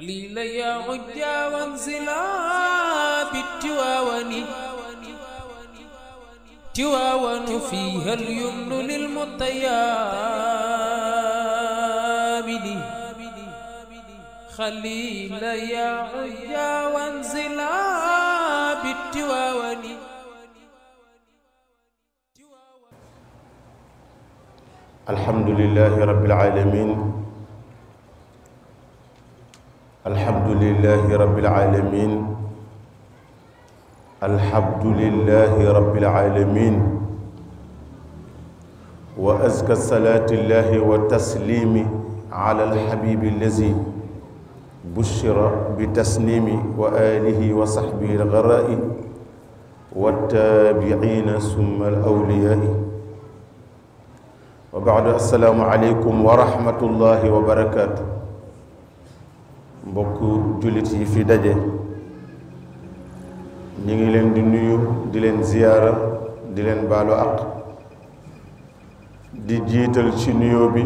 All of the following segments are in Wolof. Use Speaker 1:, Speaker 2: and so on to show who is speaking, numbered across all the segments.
Speaker 1: ليليا عجا وانزلا بالتواون تواوان فيها اليمن للمطيامن خليل يا عيا وانزلا بالتواوان الحمد لله رب العالمين الحمد لله رب العالمين الحمد لله رب العالمين وأزكى الصلاة الله والتسليم على الحبيب الذي بشر بتسليم وآله وصحبه الغراء والتابعين ثم الأولياء وبعد السلام عليكم ورحمة الله وبركاته mbokk jullit yi fi daje ñi ngi leen di nuyu di leen ziyaara di leen baalu àq di jiital ci nuyoo bi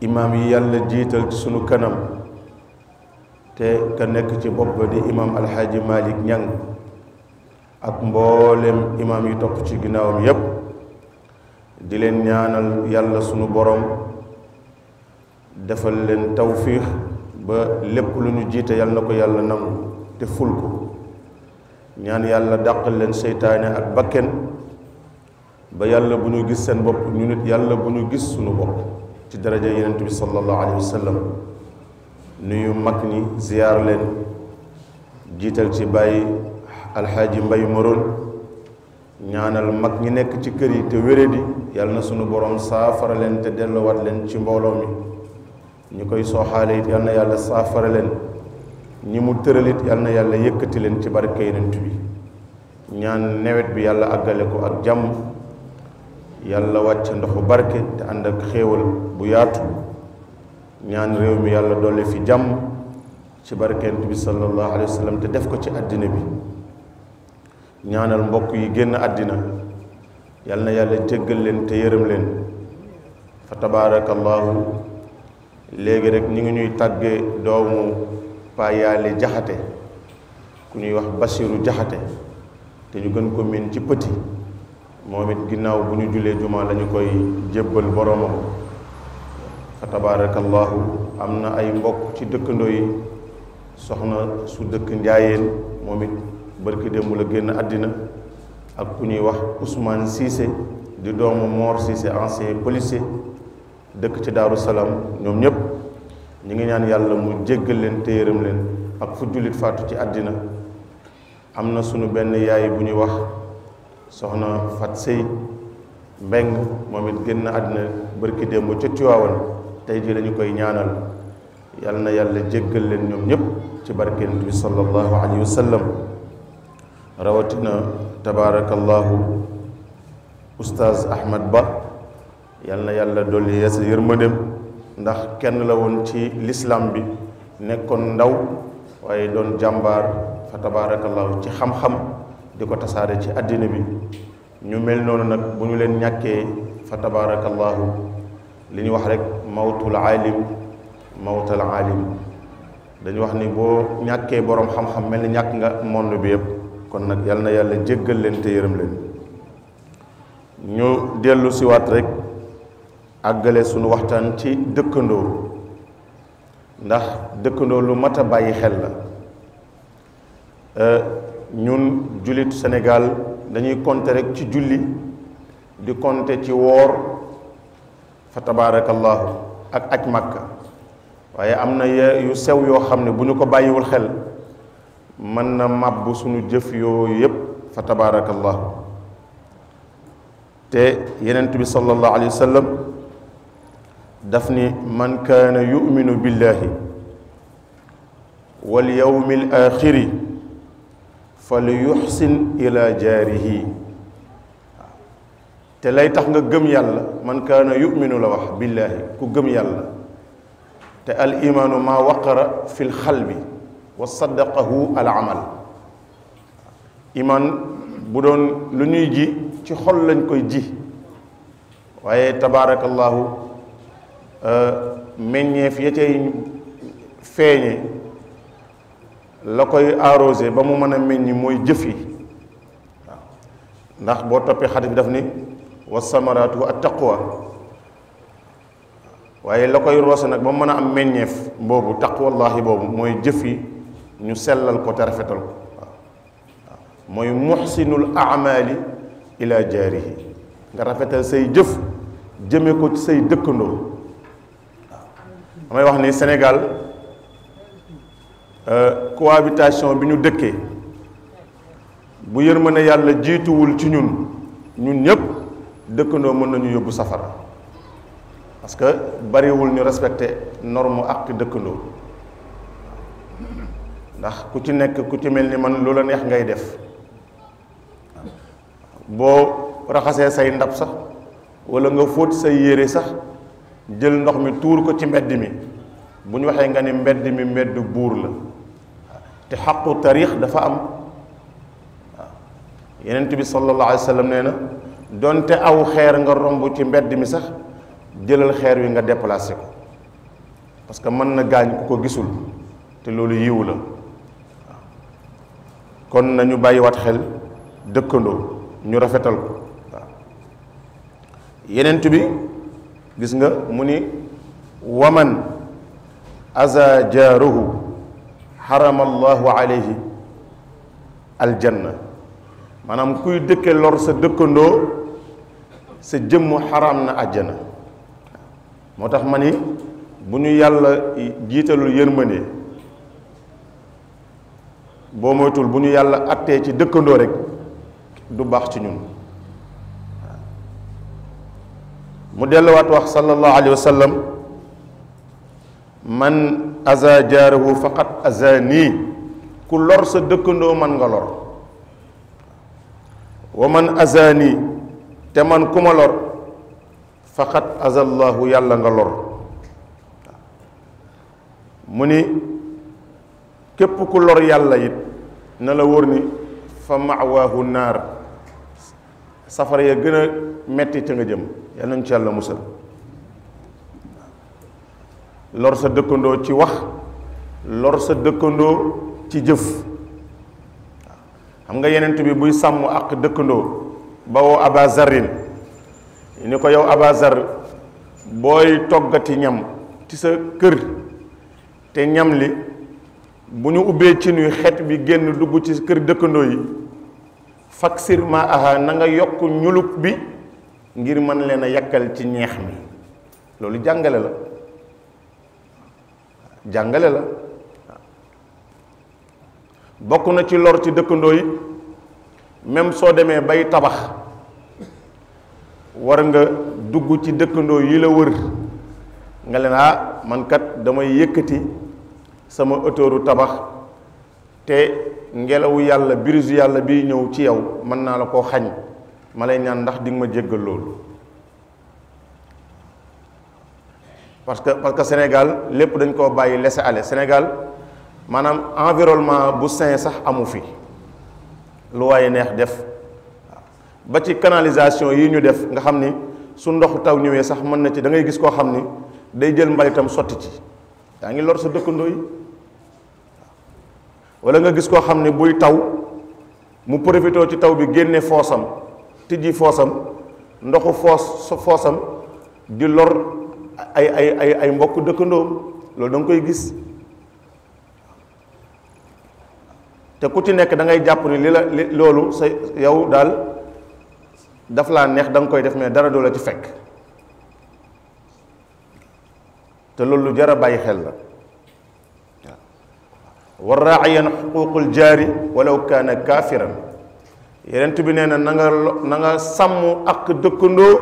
Speaker 1: imaam yi yàlla jiital ci sunu kanam te ka nekk ci bopp di imaam alxaaji malik ñang ak mboolem imaam yi topp ci ginnaawam yépp di leen ñaanal yàlla sunu boroom defal leen tawfiix ba lépp lu ñu jiite yal na ko yàlla nangu te ful ko ñaan yàlla dàqal leen seytaane ak bakken ba yàlla bu ñu gis seen bopp ñu nit yàlla bu ñu gis sunu bopp ci daraja yenent bi sallallahu alayhi wa sallam nuyu mag ñi ziyaar leen jiital ci bàyyi alxaaji mbay moroon ñaanal mag ñi nekk ci kër yi te wéradi yàlla na sunu borom saafara leen te delluwaat leen ci mbooloo mi ñi koy sooxaale it yal na yàlla saafara leen ñi mu tëral it yal na yàlla yëkkati leen ci barke yonent bi ñaan nawet bi yàlla àggale ko ak jàmm yàlla wàcc ndoxu barke te ànd ak xéewal bu yaatu ñaan réew mi yàlla doole fi jàmm ci barke yonent bi sallallahu alayhi wa te def ko ci àddina bi ñaanal mbokk yi génn àddina yal na yàlla jéggal leen te yërëm leen fa tabaarakallahu léegi rek ñu ngi ñuy tàgge doomu paayaale jaxate ku ñuy wax basiru jaxate te ñu gën ko miin ci pëti moom it ginnaaw bu ñu julee juma lañu koy jébbal boromam fa tabaarakallaahu am na ay mbokk ci dëkkandoo yi soxna su dëkk njaayeen moom it barki démb la génn àddina ak ku ñuy wax Ousmane Cissé di doomu Mor Cissé ancien policier dëkk ci daaru salaam ñoom ñëpp ñu ngi ñaan yàlla mu jéggal leen te yërëm leen ak fu jullit faatu ci àddina am na sunu benn yaay bu ñuy wax soxna Fat Sey Mbeng moom it génn àddina bërki démb ci Tiwaawan tey jii lañu koy ñaanal yal na yàlla jéggal leen ñoom ñëpp ci barkent bi sallallahu alayhi wa sallam rawatina tabaarakallahu ustaz Ahmad Ba yal na yàlla dolli yees yërmandeem ndax kenn la woon ci lislaam bi nekkoon ndaw waaye doon jàmbaar fa tabaarakallaahu ci xam-xam di ko tasaare ci àddina bi ñu mel noonu nag bu ñu leen ñàkkee fa tabaarakallaahu li ñu wax rek mawtul aalim mawtal aalim dañu wax ni boo ñàkkee boroom xam-xam mel ni ñàkk nga monde bi yëpp kon nag yal na yàlla jéggal leen te yërëm leen ñu dellu siwaat rek agale sunu waxtan ci dekkendo ndax dekkendo lu mata bàyyi xel la euh ñun julit Sénégal dañuy compter rek ci julli di compter ci wor fa tabarakallah ak aj màkka waye amna yu sew yo xamne buñu ko bayyi wul xel man na mabbu sunu jëf yo yépp fa tabarakallah te yenent bi sallallahu alayhi wasallam دفني من كان يؤمن بالله واليوم الآخر فليحسن إلى جاره تلاي تخنغ غم يالا من كان يؤمن لوح بالله كو غم يالا تال ايمان ما وقر في القلب وصدقه العمل ايمان بودون لوني جي تي خول تبارك الله meññeef ya cay feeñe la koy arrosé ba mu mën a meññ mooy jëf yi waaw ndax boo toppee xadis bi daf ni wa samaraatu at taqwa waaye la koy roose nag ba mu mën a am meññeef boobu taqwallahi boobu mooy jëf yi ñu sellal ko te rafetal ko waaw mooy muxsinul amali ila jaarihi nga rafetal say jëf jëme ko ci say dëkkandoo damay wax ni Sénégal euh, cohabitation bi ñu dëkkee bu yërmande yàlla jiituwul ci ñun ñun ñëpp dëkkandoo mën nañu yóbbu safara parce que bariwul ñu respecté norme ak dëkkandoo ndax ku ci nekk ku ci mel ni man loola neex ngay def boo raxasee say ndab sax walla nga fóot say yére sax jël ndox mi tuur ko ci mbedd mi bu ñu waxee nga ni mbedd mi mbedd buur la te xaqu taarix dafa am waaw yenent bi sallallahu nee na donte aw xeer nga romb ci mbedd mi sax jëlal xeer wi nga déplacé ko parce que mën na gaañ ku ko gisul te loolu yiw la kon nañu bàyyi wat xel dëkkandoo ñu rafetal ko waaw bi gis nga mu ni waman aza jaaruhu xarama allahu alayhi aljanna maanaam kuy dëkke lor sa dëkkandoo sa jëmm xaraam na àjjana moo tax ma ni bu ñu yàlla jiitalul yërmande boo moytul bu ñu yàlla attee ci dëkkandoo rek du baax ci ñun mu delluwaat wax sallallahu alayhi wa sallam man aza jaarahu faqat azani ku lor sa dëkkandoo man nga lor wa man azani te man ku ma lor faqat azallahu yàlla nga lor mu ni képp ku lor yàlla it na la wóor ni fa mawaahu naar safara ya gën a metti ca nga jëm yal nañu ci yàlla musal lor sa dëkkandoo ci wax lor sa dëkkandoo ci jëf xam nga yenent bi buy sàmm ak dëkkandoo ba woo aba zarin ni ko yow aba booy toggati ñam ci sa kër te ñam li bu ñu ubbee ci nuy xet bi génn dugg ci kër dëkkandoo yi faksir ma aha na nga yokk ñuluk bi ngir mën leen a yàkkal ci ñeex mi loolu jàngale la jàngale la bokk na ci lor ci dëkkandoo yi même soo demee bay tabax war nga dugg ci dëkkandoo yi la wër nga leen ah man kat damay yëkkati sama ëttëru tabax te ngelawu yàlla birisu yàlla biy ñëw ci yow mën naa la koo xañ ma lay ñaan ndax di ma jéggal loolu parce que parce que Sénégal lépp dañ koo bàyyi laisser ale Sénégal maanaam environnement bu sain sax amu fi lu waaye neex def ba ci canalisation yi ñu def nga xam ni su ndoxu taw ñëwee sax mën na ci da ngay gis koo xam ni day jël mbalitam sotti ci yaa ngi lor sa dëkkandooy yi wala nga gis koo xam ne buy taw mu profité ci taw bi génne foosam tijji foosam ndoxu foos sa foosam di lor ay ay ay mbokk dëkkandoo loolu danga koy gis te ku ci nekk dangay jàpp ni li la li loolu sa yow daal daf laa neex danga koy def mais dara doo la ci fekk te loolu lu jar a bàyyi xel la waaw war raayan xuququl jaari walaw kaana kaafiran yenent bi nee na na nga na nga sàmm ak dëkkandoo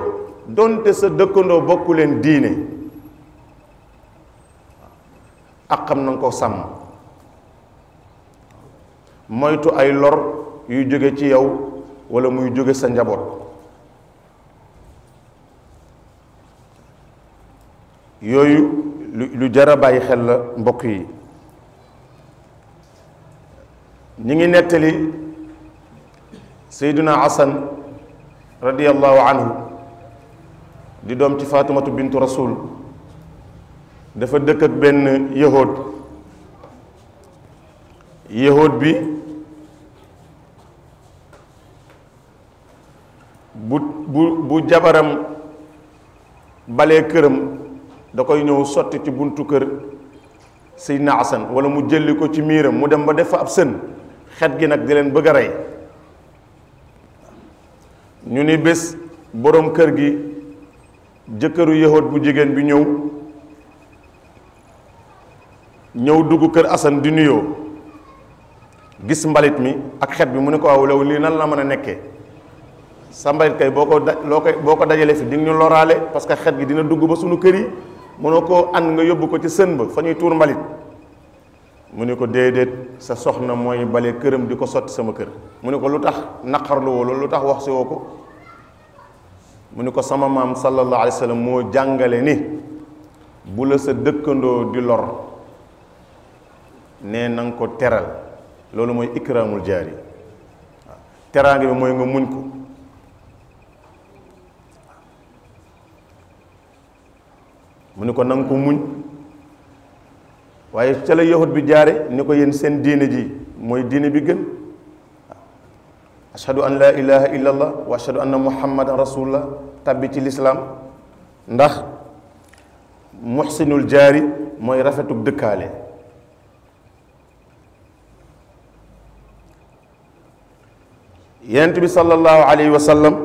Speaker 1: donte sa dëkkandoo bokku leen diine akam na nga ko sàmm moytu ay lor yu jóge ci yow wala muy jóge sa njaboot yooyu lu lu jar a bàyyi xel la mbokk yi ñi ngi nettali seyduna asan radiallahu anhu di doom ci faatumatu bintu rasul dafa dëkk ak benn yahóod yahóod bi bu bu bu jabaram balee këram da koy ñëw sotti ci buntu kër seyduna asan wala mu jëli ko ci miiram mu dem ba def fa ab sën xet gi nag di leen bëgg rey ñu ni bés boroom kër gi jëkkëru yëhoot bu jigéen bi ñëw ñëw dugg kër Assane di nuyoo gis mbalit mi ak xet bi mu ne ko waaw loolu lii nan la mën a nekkee sa mbalit kay boo ko da loo koy boo ko dajalee fi di nga ñu loraale parce que xet gi dina dugg ba suñu kër yi mënoo koo ànd nga yóbbu ko ci sën ba fa ñuy tuur mbalit mu ne ko déedéet sa soxna mooy bale këram di ko sotti sama kër mu ne ko lu tax naqarlu loolu lu tax wax si woo ko mu ne ko sama maam sallallahu alayhi wa moo jàngale ni bu la sa dëkkandoo di lor ne na ko teral loolu mooy ikraamul jaari yi teraange bi mooy nga muñ ko mu ne ko na ko muñ waye ci la yahud bi jaare ni ko yéen seen diine ji moy diine bi gën ashhadu an la ilaha illa allah wa ashhadu anna muhammadan rasulullah tabbi ci lislaam ndax muhsinul jari moy rafetu dëkkaale yonent bi sallallahu alayhi wa sallam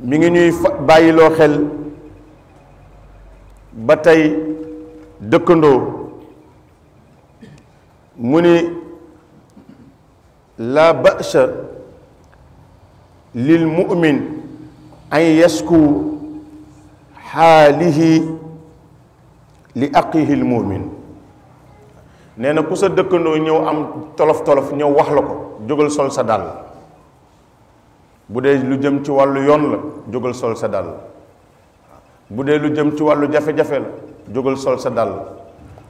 Speaker 1: mi ngi ñuy bayyi lo xel ba tey dëkkandoo mu ni laa ba'sa lil mu'min an yasku xaalihi li aqihi l mu'min nee na ku sa dëkkandoo ñëw am tolof-tolof ñëw wax la ko jógal sol sa dàll bu dee lu jëm ci wàllu yoon la jógal sol sa dàll bu dee lu jëm ci wàllu jafe-jafe la jógal sol sa dàll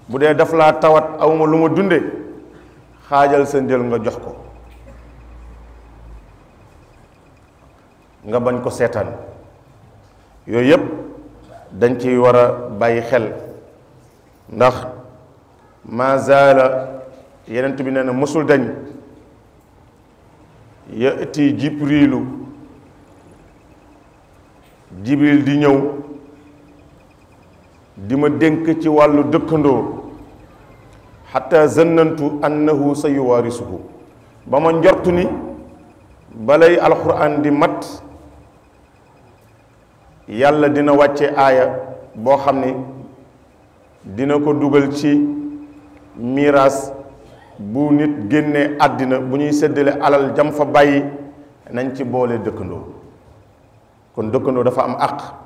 Speaker 1: bu dee daf laa tawat awma lu ma dunde xaajal sa njël nga jox ko nga bañ ko seetaan yooyu yëpp dañ ciy war a bàyyi xel ndax ma zaala yenent bi nee na mësul dañ yati jibrilu jibril di ñëw di ma dénk ci wàllu dëkkandoo xatta zannantu annahu sa yuwaarisuhu ba ma njortu ni balay alxuraan di mat yàlla dina wàcce aaya boo xam ni dina ko dugal ci miraas bu nit génnee àddina bu ñuy séddale alal jam fa bàyyi nañ ci boole dëkkandoo kon dëkkandoo dafa am àq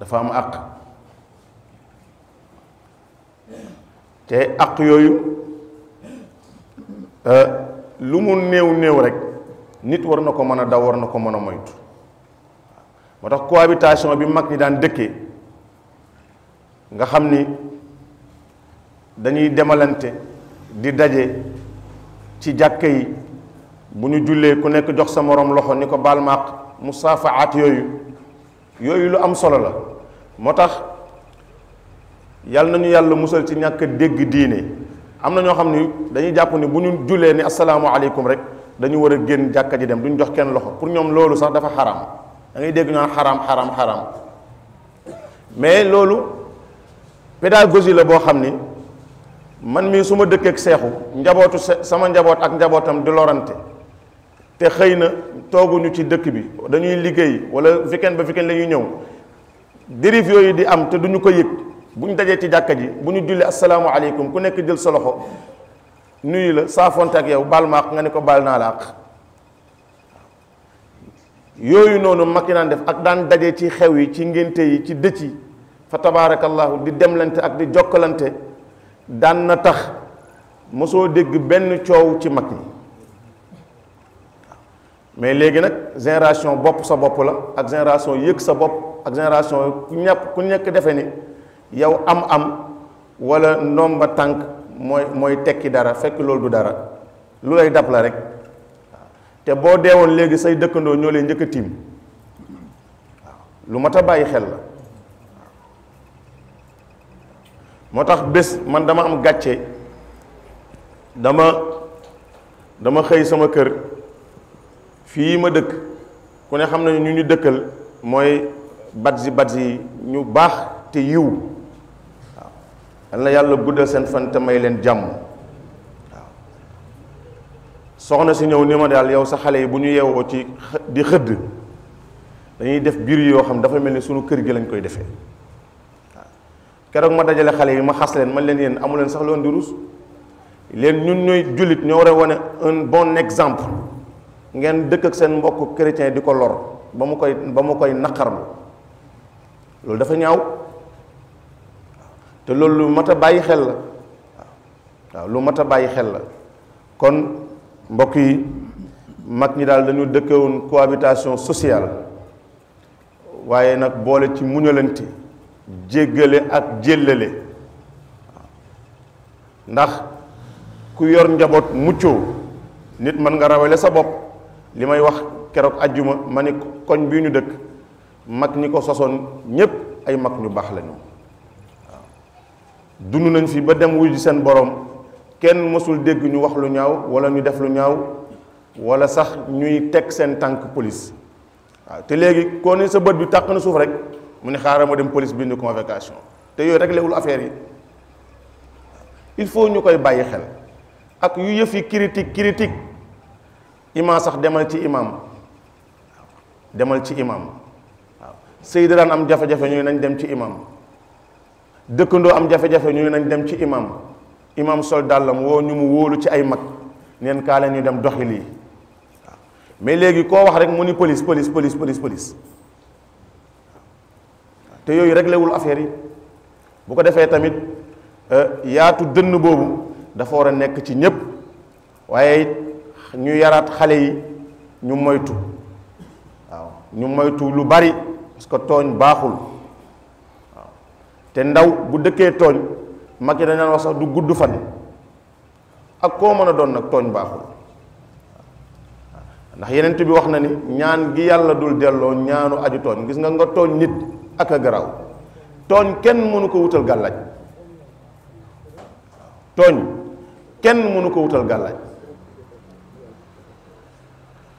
Speaker 1: dafa am àq te àq yooyu euh, lu mu néew néew rek nit war na ko mën a daw war na ko mën a moytu moo tax cohabitation bi mag ñi daan dëkkee nga xam ni dañuy demalante di daje ci jàkk yi bu ñu jullee ku nekk jox sa moroom loxo ni ko baal ma àq musaafaat yooyu yooyu lu am solo la moo tax yàlla nañu yàlla musal ci ñàkk dégg diine am na ñoo xam ni dañuy jàpp ni bu ñu julee ni asalaamaaleykum rek dañu war a génn jàkka ji dem duñ jox kenn loxo pour ñoom loolu sax dafa xaram da ngay dégg ñaan xaram xaram xaram mais loolu pédagogie la boo xam ni man mii su ma dëkkeek seexu njabootu sama njaboot ak njabootam di lorante te xëy na tooguñu ci dëkk bi dañuy liggéey wala weekend ba weekend la ñëw dérive yooyu di am te duñu ko yëg bu ñu dajee ci jàkka ji bu ñu julli aleykum ku nekk jël sa loxo nuyu la saafonte ak yow baal maaq nga ne ko baal naa la ak yooyu noonu mag yi naan def ak daan daje ci xew yi ci ngénte yi ci dëcc yi fa tabaarakallahu di demlante ak di jokkalante daan na tax mosoo dégg benn coow ci mag ñi mais léegi nag génération bopp sa bopp la ak génération yëg sa bopp ak génération ku ñàpp ku nekk defe ni yow am-am wala ndomba tànk mooy mooy tekki dara fekk loolu du dara lu lay dab la rek te boo deewoon léegi say dëkkandoo ñoo lay njëkk a tiim lu mat a bàyyi xel la moo tax bés man dama am gàcce dama dama xëy sama kër. fii ma dëkk ku ne xam nañu ñu ñu dëkkal mooy badzi badzi yi ñu baax te yiw waaw yal na yàlla guddal seen fan te may leen jàmm soxna si ñëw ni ma daal yow sa xale yi bu ñu yeewoo ci di xëdd dañuy def biir yoo xam dafa mel ni sunu kër gi lañ koy defee waaw keroog ma dajale xale yi ma xas leen man leen yéen amuleen leen sax loon di rus leen ñun ñooy jullit ñoo war a wane un bon exemple ngeen dëkk ak seen mbokk chrétien di ko lor ba mu koy ba mu koy naqarlu loolu dafa ñaaw te loolu lu mat a bàyyi xel la waaw mat a bàyyi xel la kon mbokk yi mag ñi daal dañu woon cohabitation sociale waaye nag boole ci muñalante jéggale ak jéllale ndax ku yor njaboot muccoo nit mën nga rawale sa bopp li may wax keroog ajjuma ma ni koñ bii ñu dëkk mag ñi ko sosoon ñépp ay mag ñu baax lañu waaw dund nañ fi ba dem wuy seen borom kenn mësul dégg ñu wax lu ñaaw wala ñu def lu ñaaw wala sax ñuy teg seen tànk police waaw te léegi koo sa bët bi tàq na suuf rek mu ne xaaral ma dem police bind convocation te yooyu réglé wul affaire yi il faut ñu koy bàyyi xel ak yu yëf yi critique critique imaam sax demal ci imaam demal ci imaam waaw sëy daan am jafe-jafe ñu nañ dem ci imaam dëkkandoo am jafe-jafe ñu nañ dem ci imaam imaam sol dàllam woo ñu mu wóolu ci ay mag neen kaa leen dem doxi lii mais léegi koo wax rek mu ni police police police police police te yooyu réglé wul affaire yi bu ko defee tamit euh, yaatu dënn boobu dafa war a nekk ci ñépp waaye ñu yaraat xale yi ñu moytu waaw ñu moytu lu bari parce que tooñ baaxul waaw te ndaw bu dëkkee tooñ mag yi dañ wax sax du gudd fan ak koo mën a doon nag tooñ baaxul ndax yenent bi wax na ni ñaan gi yàlla dul delloo ñaanu aju tooñ gis nga nga tooñ nit ak a garaaw tooñ kenn mënu ko wutal gàllaaj tooñ kenn mënu ko wutal gàllaaj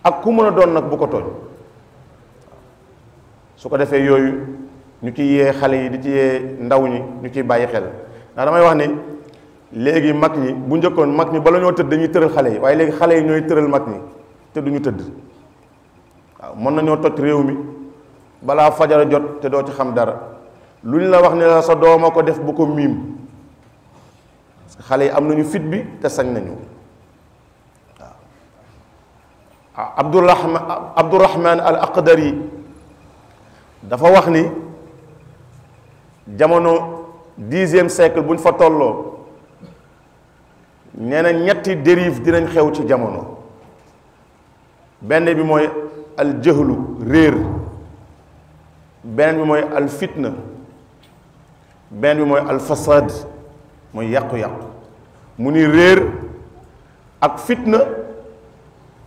Speaker 1: ak ku mën a doon nag bu ko tooñ su ko defee yooyu ñu ci yee xale yi di ci yee ndaw ñi ñu ciy bàyyi xel ndax damay wax ni léegi mag ñi bu njëkkoon mag ñi bala ñoo tëdd dañuy tëral xale yi waaye léegi xale yi ñooy tëral mag ñi te duñu tëdd waaw mën nañoo toj réew mi balaa fajara jot te doo ci xam dara lu ñu la wax ne la sa dooma ko def bu ko miim parce xale yi am nañu fit bi te sañ nañu Abdourahman Abdourahman al Aqdari dafa wax ni jamono dixième siècle bu ñu fa tolloo nee na ñetti dérive dinañ xew ci jamono benn bi mooy al jëhlu réer beneen bi mooy al fitna beneen bi mooy al fasaad mooy yàqu-yàqu mu ni réer ak fitna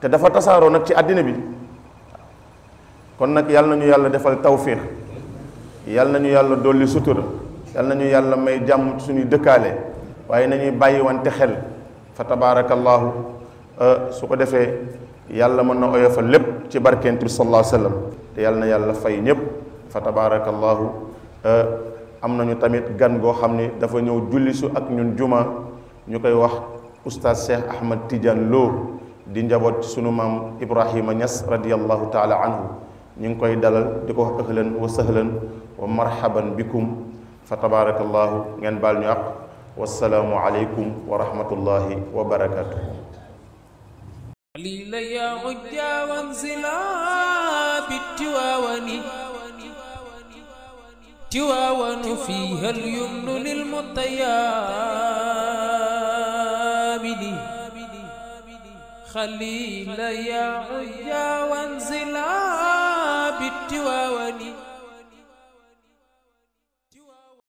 Speaker 1: te dafa tasaaroo nag ci àddina bi kon nag yàlla nañu yàlla defal tawfiix yàlla nañu yàlla dolli sutura yàlla nañu yàlla may jàmm suñuy dëkkaale waaye nañuy bàyyi wante xel fa tabaarakallaahu euh, su ko defee yàlla mën na oyofal lépp ci barkent bi sallallahu alayhi te yàlla na fay ñëpp fa tabaarakallaahu euh, am nañu tamit gan goo xam ni dafa ñëw jullisu ak ñun juma ñu koy wax oustaz Cheikh Ahmad Tidiane Lo di njaboot sunu maam Ibrahima Niass radiyallahu taala anhu ñu ngi koy dalal di ko wax wa sahlan wa marhaban bikum fa tabarakallahu ngeen baal ñu àq wassalaamu aleykum wa rahmatullahi wa barakatuh خليل يا عيا وانزلا